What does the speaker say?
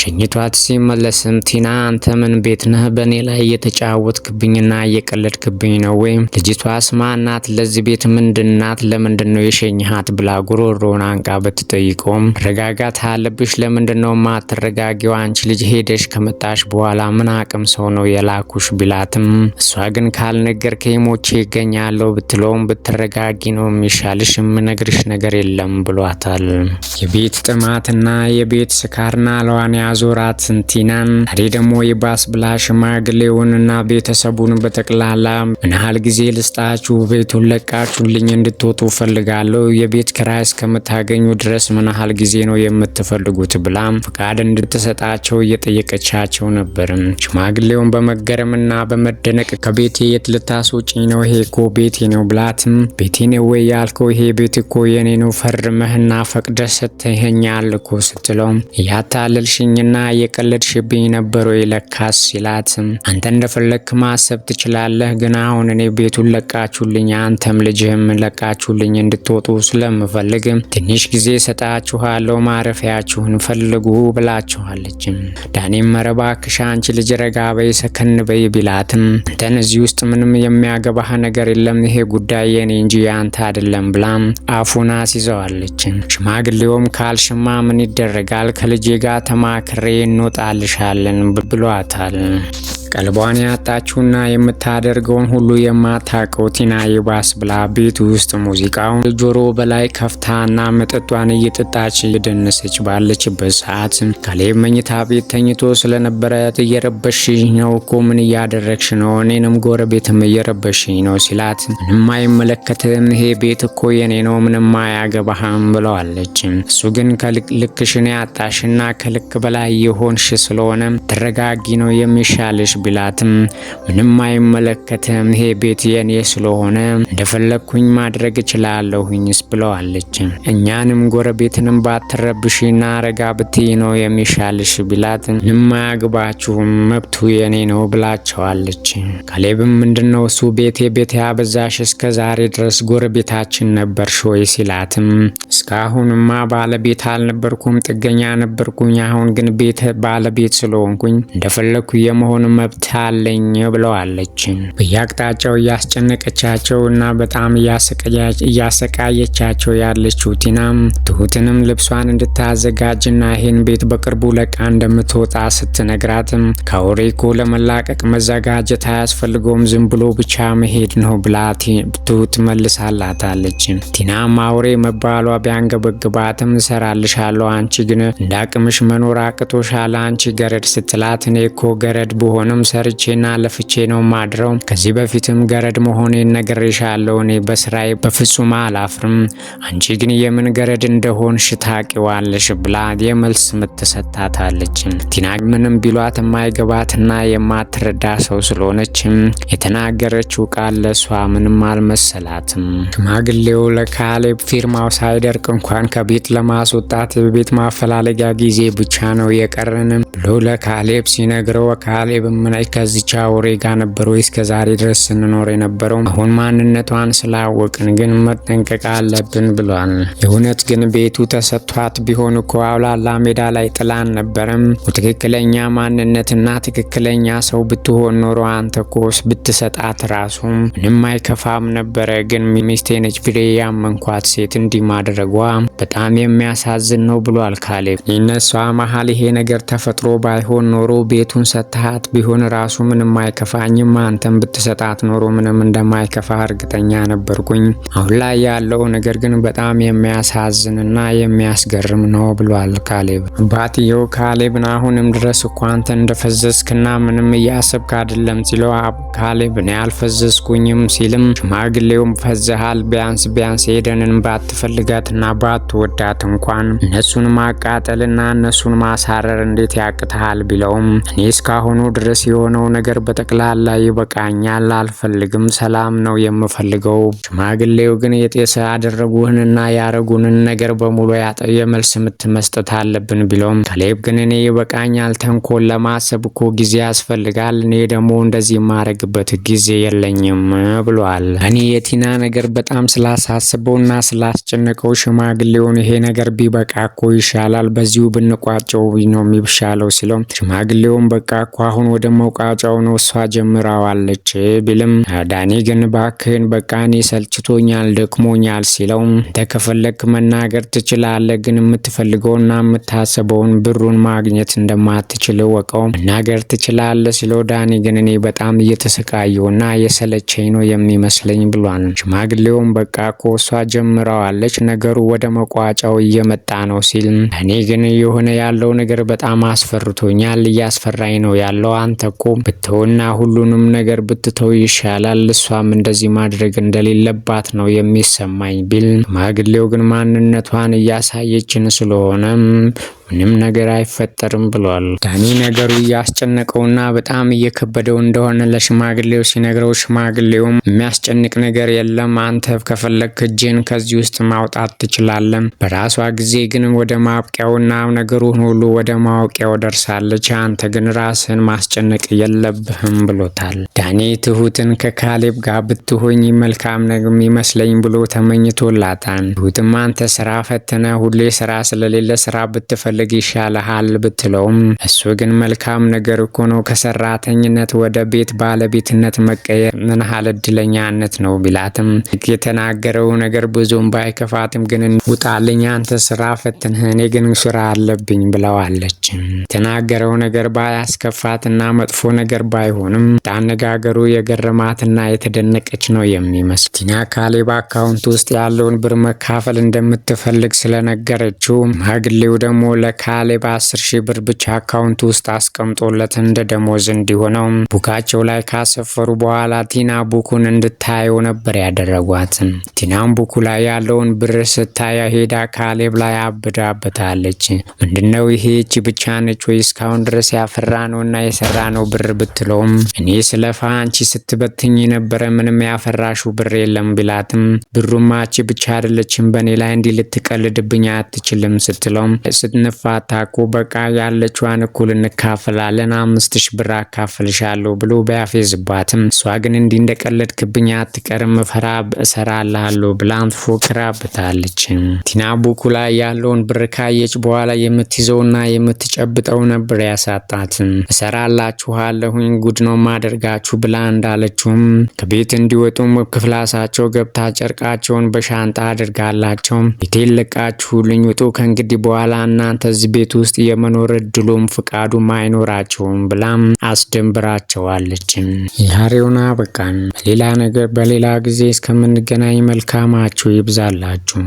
ሸኝቷት ሲመለስም ቲና አንተ ምን ቤት ነህ? በእኔ ላይ እየተጫወትክብኝና እየቀለድክብኝ ነው ወይም ስማ ናት ለዚህ ቤት ምንድናት? ለምንድን ነው የሸኝሃት? ብላ ጉሮሮውን አንቃ ብትጠይቀውም ረጋጋት አለብሽ፣ ለምንድን ነው ማትረጋጊው? አንቺ ልጅ ሄደሽ ከመጣሽ በኋላ ምን አቅም ሰው ነው የላኩሽ? ቢላትም እሷ ግን ካልነገር ከሞቼ ይገኛለሁ ብትለውም ብትረጋጊ ነው የሚሻልሽ፣ የምነግርሽ ነገር የለም ብሏታል። የቤት ጥማትና የቤት ስካርና ለዋንያ አዞራ ትንቲናን እኔ ደግሞ የባስ ብላ ሽማግሌውንና ቤተሰቡን በጠቅላላ ምን ያህል ጊዜ ልስጣችሁ? ቤቱን ለቃችሁልኝ እንድትወጡ ፈልጋለሁ። የቤት ክራይ እስከምታገኙ ድረስ ምን ያህል ጊዜ ነው የምትፈልጉት? ብላ ፍቃድ እንድትሰጣቸው እየጠየቀቻቸው ነበር። ሽማግሌውን በመገረምና በመደነቅ ከቤቴ የት ልታስወጪኝ ነው? ይሄ እኮ ቤቴ ነው ብላትም ቤቴ ነው ወይ ያልከው? ይሄ ቤት እኮ የኔ ነው፣ ፈርመህና ፈቅደ ሰጥተኸኛል እኮ ስትለውም እያታለልሽኝ የቀለድ የቀለድሽብኝ ነበረ ይለካስ ሲላት፣ አንተ እንደፈለክ ማሰብ ትችላለህ፣ ግን አሁን እኔ ቤቱን ለቃችሁልኝ፣ አንተም ልጅህም ለቃችሁልኝ እንድትወጡ ስለምፈልግ ትንሽ ጊዜ ሰጣችኋለሁ፣ ማረፊያችሁን ፈልጉ ብላችኋለች። ዳኔም እባክሽ አንቺ ልጅ ረጋ በይ፣ ሰከን በይ ቢላትም አንተን እዚህ ውስጥ ምንም የሚያገባህ ነገር የለም፣ ይሄ ጉዳይ የኔ እንጂ ያንተ አይደለም ብላ አፉን አስይዘዋለች። ሽማግሌውም ካልሽማ ምን ይደረጋል ከልጄ ጋር ተማ አጠናክሬ እንወጣልሻለን ብሏታል። ቀልቧን ያጣችውና የምታደርገውን ሁሉ የማታውቀው ቲና ይባስ ብላ ቤት ውስጥ ሙዚቃውን ጆሮ በላይ ከፍታና መጠጧን እየጠጣች እየደነሰች ባለችበት ሰዓት ካሌብ መኝታ ቤት ተኝቶ ስለነበረ እየረበሽኝ ነው እኮ ምን እያደረግሽ ነው? እኔንም ጎረቤትም እየረበሽኝ ነው ሲላት ምንም አይመለከትም ይሄ ቤት እኮ የኔ ነው ምንም አያገባህም ብለዋለች። እሱ ግን ከልክሽን ያጣሽና ከልክ በላይ የሆንሽ ስለሆነ ተረጋጊ ነው የሚሻልሽ ቢላትም ምንም አይመለከትም፣ ይሄ ቤት የኔ ስለሆነ እንደፈለግኩኝ ማድረግ እችላለሁኝስ ብለዋለች። እኛንም ጎረቤትንም ባትረብሽና ረጋ ብትይ ነው የሚሻልሽ ቢላት ምንም አያግባችሁም መብቱ የኔ ነው ብላቸዋለች። ካሌብም ምንድነው እሱ ቤቴ ቤቴ አበዛሽ እስከ ዛሬ ድረስ ጎረቤታችን ነበር ሾይ ሲላትም እስካሁንማ ባለቤት አልነበርኩም፣ ጥገኛ ነበርኩኝ። አሁን ግን ቤት ባለቤት ስለሆንኩኝ እንደፈለግኩ የመሆን መብት አለኝ ብለዋለች። በየአቅጣጫው እያስጨነቀቻቸው እና በጣም እያሰቃየቻቸው ያለችው ቲናም ትሁትንም ልብሷን እንድታዘጋጅና ይህን ቤት በቅርቡ ለቃ እንደምትወጣ ስትነግራትም ከአውሬኮ ለመላቀቅ መዘጋጀት አያስፈልገውም ዝም ብሎ ብቻ መሄድ ነው ብላ ትሁት መልሳላታለች። ቲናም አውሬ መባሏ ቢያንገበግባትም እሰራልሻለሁ፣ አንቺ ግን እንዳቅምሽ መኖር አቅቶሻል፣ አንቺ ገረድ ስትላት እኔ እኮ ገረድ ብሆንም ስራም ሰርቼና ለፍቼ ነው ማድረው። ከዚህ በፊትም ገረድ መሆኔን ነግሬሻለሁ። እኔ በስራዬ በፍጹም አላፍርም። አንቺ ግን የምን ገረድ እንደሆንሽ ታውቂዋለሽ ብላ የመልስ ምት ቲና ምንም ቢሏት የማይገባትና የማትረዳ ሰው ስለሆነችም የተናገረችው ቃል ለሷ ምንም አልመሰላትም። ሽማግሌው ለካሌብ ፊርማው ሳይደርቅ እንኳን ከቤት ለማስወጣት የቤት ማፈላለጊያ ጊዜ ብቻ ነው የቀረንም ሁሉ ለካሌብ ሲነግረው ካሌብም ላይ ከዚቻ አውሬ ጋር ነበር ወይ እስከ ዛሬ ድረስ ስንኖር የነበረው? አሁን ማንነቷን ስላወቅን ግን መጠንቀቅ አለብን ብሏል። የእውነት ግን ቤቱ ተሰጥቷት ቢሆን እኮ አውላላ ሜዳ ላይ ጥላን ነበረም። ትክክለኛ ማንነትና ትክክለኛ ሰው ብትሆን ኖሮ አንተ ኮስ ብትሰጣት ራሱ ምንም አይከፋም ነበረ። ግን ሚስቴ ነች ብሬ ያመንኳት ሴት እንዲህ ማድረጓ በጣም የሚያሳዝን ነው ብሏል ካሌብ። ይነሷ መሀል ይሄ ነገር ተፈጥሮ ባይሆን ኖሮ ቤቱን ሰጥሃት ቢሆን ራሱ ምንም አይከፋኝም። አንተም ብትሰጣት ኖሮ ምንም እንደማይከፋ እርግጠኛ ነበርኩኝ። አሁን ላይ ያለው ነገር ግን በጣም የሚያሳዝንና የሚያስገርም ነው ብሏል ካሌብ። አባትየው ካሌብን አሁንም ድረስ እኮ አንተ እንደፈዘዝክና ምንም እያሰብክ አይደለም ሲለው ካሌብ እኔ አልፈዘዝኩኝም ሲልም ሽማግሌውም ፈዝሃል፣ ቢያንስ ቢያንስ ሄደንን ባትፈልጋትና ባትወዳት እንኳን እነሱን ማቃጠልና እነሱን ማሳረር እንዴት ያቀ ያቅትሃል ቢለውም እኔ እስካሁኑ ድረስ የሆነው ነገር በጠቅላላ ይበቃኛል፣ አልፈልግም፣ ሰላም ነው የምፈልገው። ሽማግሌው ግን የጤሰ አደረጉህንና ያረጉንን ነገር በሙሉ ያጠየ መልስ ምት መስጠት አለብን ቢለውም ከሌብ ግን እኔ ይበቃኛል፣ ተንኮል ለማሰብ እኮ ጊዜ ያስፈልጋል፣ እኔ ደግሞ እንደዚህ የማረግበት ጊዜ የለኝም ብሏል። እኔ የቲና ነገር በጣም ስላሳስበውና ስላስጨነቀው ሽማግሌውን ይሄ ነገር ቢበቃ እኮ ይሻላል፣ በዚሁ ብንቋጨው ነው የሚሻለው ሲለው ሽማግሌውን በቃ እኮ አሁን ወደ መውቃጫው ነው እሷ ጀምረዋለች። ቢልም ዳኒ ግን ባክህን በቃ እኔ ሰልችቶኛል፣ ደክሞኛል ሲለው እንደከፈለክ መናገር ትችላለህ፣ ግን የምትፈልገውና የምታስበውን ብሩን ማግኘት እንደማትችል ወቀው መናገር ትችላለህ ሲለው ዳኒ ግን እኔ በጣም እየተሰቃየውና የሰለቸኝ ነው የሚመስለኝ ብሏል። ሽማግሌውም በቃ እኮ እሷ ጀምረዋለች፣ ነገሩ ወደ መቋጫው እየመጣ ነው ሲል እኔ ግን የሆነ ያለው ነገር በጣም አስፈ አስፈርቶኛል፣ እያስፈራኝ ነው ያለው። አንተ እኮ ብትውና ሁሉንም ነገር ብትተው ይሻላል። እሷም እንደዚህ ማድረግ እንደሌለባት ነው የሚሰማኝ ቢል ሽማግሌው ግን ማንነቷን እያሳየችን ስለሆነም ምንም ነገር አይፈጠርም ብሏል። ዳኒ ነገሩ እያስጨነቀውና በጣም እየከበደው እንደሆነ ለሽማግሌው ሲነግረው ሽማግሌውም የሚያስጨንቅ ነገር የለም፣ አንተ ከፈለግ እጄን ከዚህ ውስጥ ማውጣት ትችላለን። በራሷ ጊዜ ግን ወደ ማብቂያውና ነገሩን ሁሉ ወደ ማወቂያው ደርሳለች። አንተ ግን ራስህን ማስጨነቅ የለብህም ብሎታል። ዳኒ ትሁትን ከካሌብ ጋር ብትሆኝ መልካም ነግም ይመስለኝ ብሎ ተመኝቶላታን። ትሁትም አንተ ስራ ፈተነ ሁሌ ስራ ስለሌለ ስራ ብትፈልግ ብትፈልግ ይሻልሃል ብትለውም እሱ ግን መልካም ነገር እኮ ነው ከሰራተኝነት ወደ ቤት ባለቤትነት መቀየር ምን ያህል እድለኛነት ነው ቢላትም የተናገረው ነገር ብዙም ባይከፋትም ግን ውጣልኝ አንተ ስራ ፈትንህ እኔ ግን ስራ አለብኝ ብለዋለች። የተናገረው ነገር ባያስከፋትና መጥፎ ነገር ባይሆንም አነጋገሩ የገረማትና የተደነቀች ነው የሚመስል ቲና ካሌብ አካውንት ውስጥ ያለውን ብር መካፈል እንደምትፈልግ ስለነገረችው ሽማግሌው ደግሞ ካሌብ አስር ሺህ ብር ብቻ አካውንት ውስጥ አስቀምጦለት እንደ ደሞዝ እንዲሆነው ቡካቸው ላይ ካሰፈሩ በኋላ ቲና ቡኩን እንድታየው ነበር ያደረጓት። ቲናም ቡኩ ላይ ያለውን ብር ስታያ ሄዳ ካሌብ ላይ አብዳበታለች። ምንድነው ይሄ እቺ ብቻ ነች ወይ እስካሁን ድረስ ያፈራ ነው እና የሰራ ነው ብር ብትለውም እኔ ስለፋ አንቺ ስትበትኝ የነበረ ምንም ያፈራሹ ብር የለም ቢላትም ብሩማ እቺ ብቻ አይደለችም በእኔ ላይ እንዲህ ልትቀልድብኝ አትችልም ስትለውም እንፋታኮ በቃ ያለችዋን እኩል እንካፈላለን፣ አምስት ሺህ ብር አካፍልሻለሁ ብሎ በያፌዝባትም እሷ ግን እንዲህ እንደቀለድክብኝ አትቀርም ፈራ እሰራልሃለሁ ብላም ትፎክራበታለች። ቲና ቡኩ ላይ ያለውን ብር ካየች በኋላ የምትይዘውና የምትጨብጠው ነበር ያሳጣትም። እሰራላችኋለሁኝ ጉድ ነው ማደርጋችሁ ብላ እንዳለችውም ከቤት እንዲወጡም ክፍላሳቸው ገብታ ጨርቃቸውን በሻንጣ አድርጋላቸው ቤቴን ለቃችሁልኝ ውጡ ከእንግዲህ በኋላ እናንተ እናንተ እዚህ ቤት ውስጥ የመኖር እድሉም ፍቃዱም አይኖራቸውም ብላም አስደንብራቸዋለች። የዛሬውና በቃን። በሌላ ነገር በሌላ ጊዜ እስከምንገናኝ መልካማችሁ ይብዛላችሁ።